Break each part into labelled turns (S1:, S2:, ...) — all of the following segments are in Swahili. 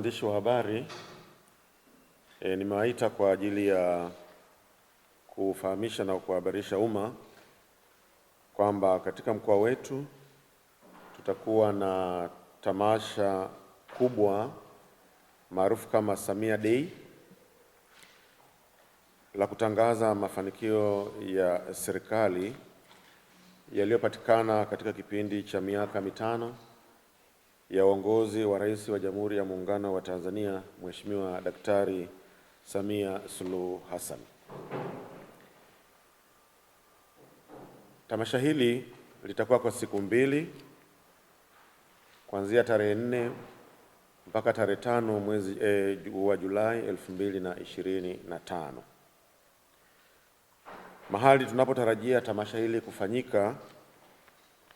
S1: waandishi wa habari e, nimewaita kwa ajili ya kufahamisha na kuhabarisha umma kwamba katika mkoa wetu tutakuwa na tamasha kubwa maarufu kama Samia Day la kutangaza mafanikio ya serikali yaliyopatikana katika kipindi cha miaka mitano ya uongozi wa Rais wa Jamhuri ya Muungano wa Tanzania Mheshimiwa Daktari Samia Suluhu Hassan. Tamasha hili litakuwa kwa siku mbili kuanzia tarehe nne mpaka tarehe tano mwezi e, wa Julai 2025. Mahali tunapotarajia tamasha hili kufanyika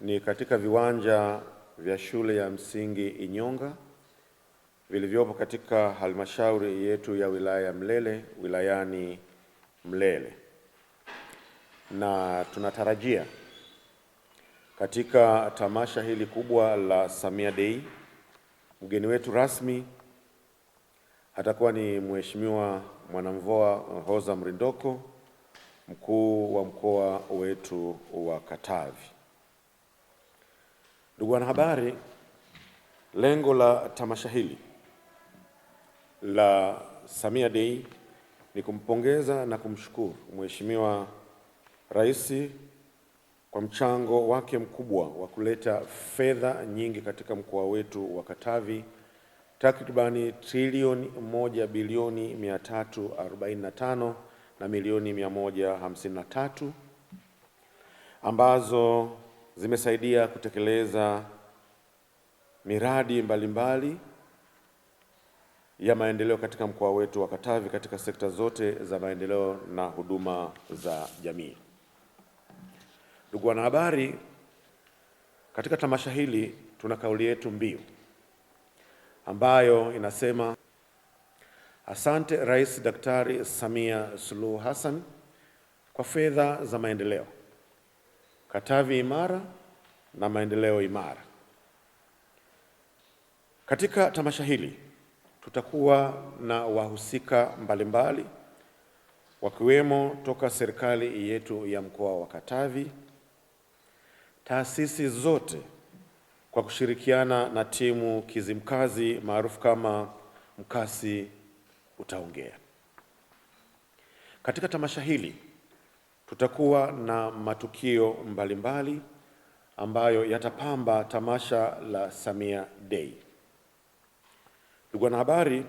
S1: ni katika viwanja vya shule ya msingi Inyonga vilivyopo katika halmashauri yetu ya wilaya ya Mlele wilayani Mlele, na tunatarajia katika tamasha hili kubwa la Samia Day mgeni wetu rasmi atakuwa ni Mheshimiwa Mwanamvua Hoza Mrindoko, mkuu wa mkoa wetu wa Katavi. Ndugu wanahabari, lengo la tamasha hili la Samia Day ni kumpongeza na kumshukuru Mheshimiwa Rais kwa mchango wake mkubwa wa kuleta fedha nyingi katika mkoa wetu wa Katavi, takribani trilioni moja bilioni 345 na milioni 153 ambazo zimesaidia kutekeleza miradi mbalimbali mbali ya maendeleo katika mkoa wetu wa Katavi katika sekta zote za maendeleo na huduma za jamii. Ndugu wanahabari, katika tamasha hili tuna kauli yetu mbiu ambayo inasema asante Rais Daktari Samia Suluhu Hassan kwa fedha za maendeleo. Katavi imara na maendeleo imara. Katika tamasha hili tutakuwa na wahusika mbalimbali wakiwemo toka serikali yetu ya mkoa wa Katavi, taasisi zote kwa kushirikiana na timu Kizimkazi maarufu kama Mkasi Utaongea. Katika tamasha hili Tutakuwa na matukio mbalimbali mbali ambayo yatapamba tamasha la Samia Day. Ndugu wanahabari,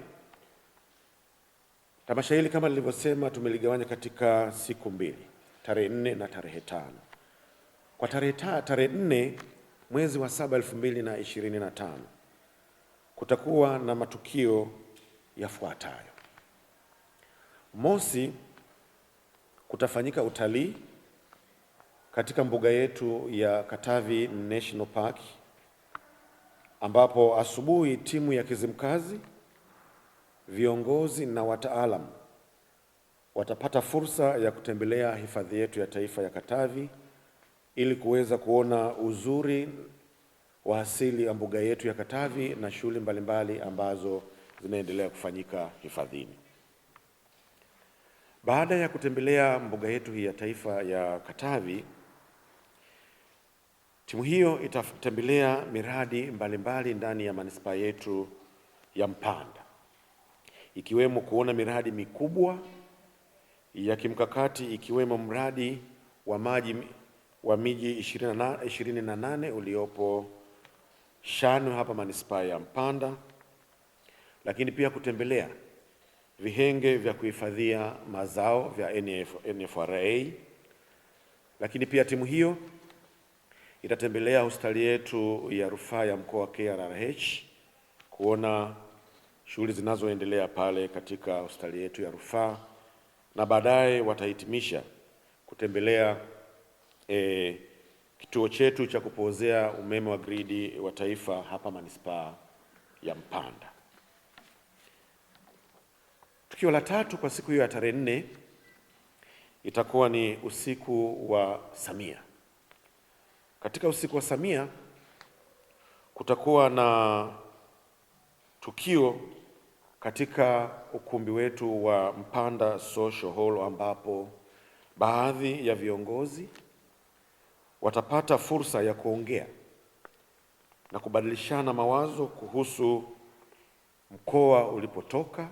S1: tamasha hili kama nilivyosema, tumeligawanya katika siku mbili, tarehe nne na tarehe tano. Kwa tarehe ta, tarehe nne mwezi wa saba elfu mbili na ishirini na tano kutakuwa na matukio yafuatayo. Mosi, kutafanyika utalii katika mbuga yetu ya Katavi National Park ambapo asubuhi timu ya Kizimkazi, viongozi na wataalam watapata fursa ya kutembelea hifadhi yetu ya taifa ya Katavi ili kuweza kuona uzuri wa asili ya mbuga yetu ya Katavi na shughuli mbalimbali ambazo zinaendelea kufanyika hifadhini. Baada ya kutembelea mbuga yetu hii ya taifa ya Katavi, timu hiyo itatembelea miradi mbalimbali mbali ndani ya manispaa yetu ya Mpanda, ikiwemo kuona miradi mikubwa ya kimkakati ikiwemo mradi wa maji wa miji 28 uliopo Shanwe hapa manispaa ya Mpanda, lakini pia kutembelea vihenge vya kuhifadhia mazao vya NF, NFRA. Lakini pia timu hiyo itatembelea hospitali yetu ya rufaa ya mkoa wa KRRH kuona shughuli zinazoendelea pale katika hospitali yetu ya rufaa na baadaye watahitimisha kutembelea e, kituo chetu cha kupozea umeme wa gridi wa taifa hapa manispaa ya Mpanda. Tukio la tatu kwa siku hiyo ya tarehe nne itakuwa ni usiku wa Samia. Katika usiku wa Samia kutakuwa na tukio katika ukumbi wetu wa Mpanda Social Hall ambapo baadhi ya viongozi watapata fursa ya kuongea na kubadilishana mawazo kuhusu mkoa ulipotoka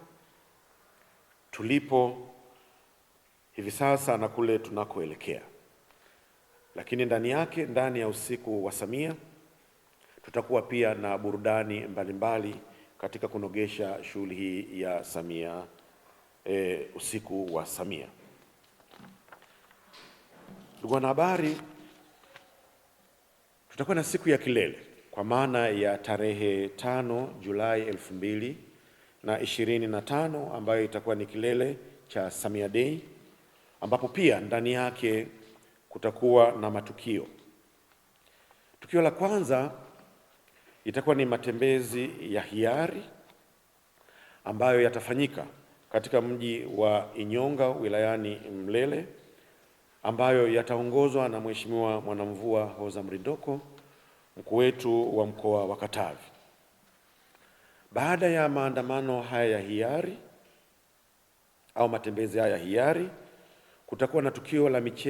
S1: tulipo hivi sasa na kule tunakoelekea. Lakini ndani yake, ndani ya usiku wa Samia, tutakuwa pia na burudani mbalimbali mbali katika kunogesha shughuli hii ya Samia e, usiku wa Samia. Ndugu wanahabari, tutakuwa na siku ya kilele kwa maana ya tarehe tano Julai elfu mbili na ishirini na tano ambayo itakuwa ni kilele cha Samia Day ambapo pia ndani yake kutakuwa na matukio. Tukio la kwanza itakuwa ni matembezi ya hiari ambayo yatafanyika katika mji wa Inyonga wilayani Mlele ambayo yataongozwa na Mheshimiwa Mwanamvua Hoza Mrindoko mkuu wetu wa mkoa wa Katavi. Baada ya maandamano haya ya hiari au matembezi haya ya hiari, kutakuwa na tukio la michezo